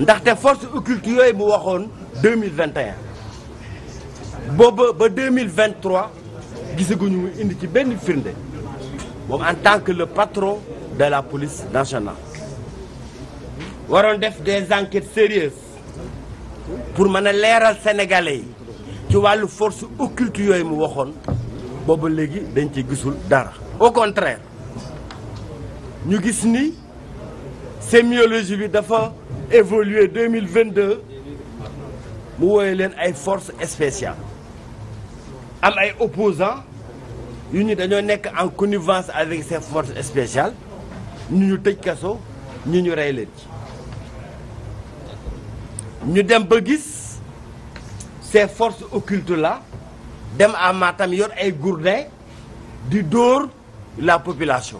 ndaxte force occulte yooyu mu waxoon 2021 booba ba 2023 gisaguñu mu indi ci benn firnde moom en tant que le patron de la polis nationale waroon def des enquêtes sérieuses pour mën a leeral sénégalais yi ci wàllu force occulte yooyu mu waxoon booba léegi dañ ci gisul dara au contraire ñu gis ni sémiologie bi dafa évoluer 2022 mu wooye leen ay forces spéciales am ay opposants yu ñu dañoo nekk en connivence avec ces forces spéciales ñu ñu tëj kaso ñu ñu rey leen ñu dem ba gis ces forces occultes là dem à Matam yor ay gourdin di dóor la population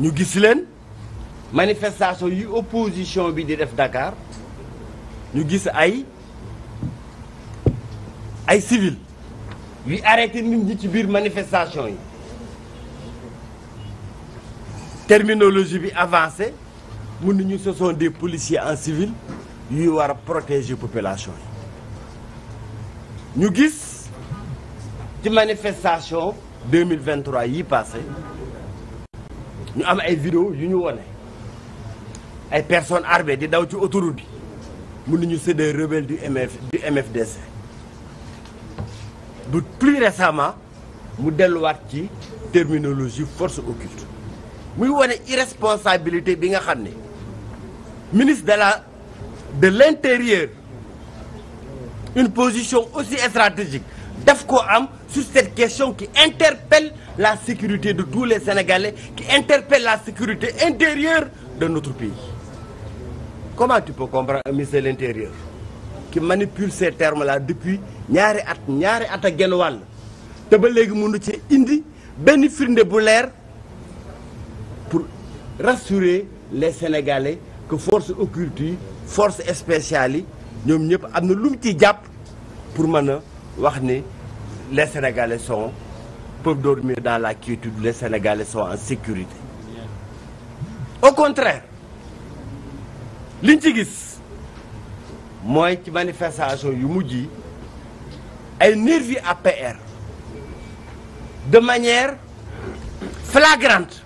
ñu gis leen manifestation yu opposition bi di def Dakar ñu gis ay ay civil yu arrêté nit ñi ci biir manifestation yi terminologie bi avancé mun nañu ce sont des policiers en civil yuy war a protéger population yi ñu gis ci manifestation 2023 yi passé ñu am ay vidéo yu ñu wone ay personne armées di daw ci autoroute bi mënuñu c'est des rebelles du MF du bu plus récemment mu delluwaat ci terminologie force occulte muy wane irresponsabilité bi nga xam ni ministre de la de l'intérieur une position aussi stratégique daf ko am sur cette question ki interpelle la sécurité de tous les Sénégalais, qui interpelle la sécurité intérieure de notre pays. Comment tu peux comprendre un ministre manipule ces termes la depuis ñaari at ñaari at ak genn wàll te ba léegi mënu ci indi benn firnde bu leer pour rassurer les Sénégalais que force occulte yi force spéciale yi ñoom ñëpp am na lu mu ciy jàpp pour mën a wax ni les Sénégalais sont pour dormir dans la quiétude les Sénégalais sont en sécurité au contraire liñ ci gis mooy ci manifestation yu mujj yi ay nervi APR de manière flagrante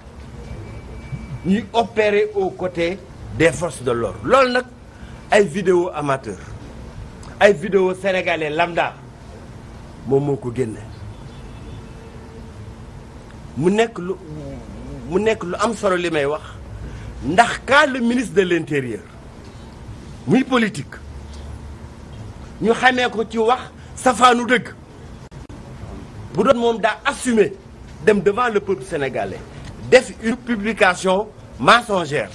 ñuy opérer aux côté des forces de l'ordre loolu nag ay vidéo amateur ay vidéo sénégalais lambda moom moo ko génne mu nekk lu mu nekk lu am solo li may wax ndax quand le ministre de l'intérieur muy politique ñu xamee ko ci wax safaanu dëgg bu doon moom daa assumer dem devant le peuple sénégalais def une publication mensongère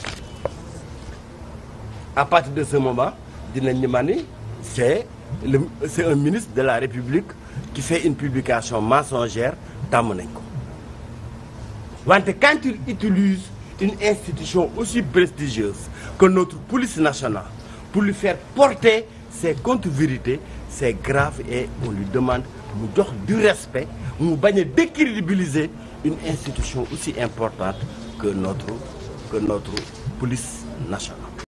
à partir de ce moment dinañ ni ma ni c'est le ministre de la République qui fait une publication mensongère tàmm nañ ko wante quand il utilise une institution aussi prestigieuse que notre police nationale pour lui faire porter ses contre-vérités c'est grave et on lui demande mu jox du respect mu bañ a décrédibiliser une institution aussi importante que notre que notre police nationale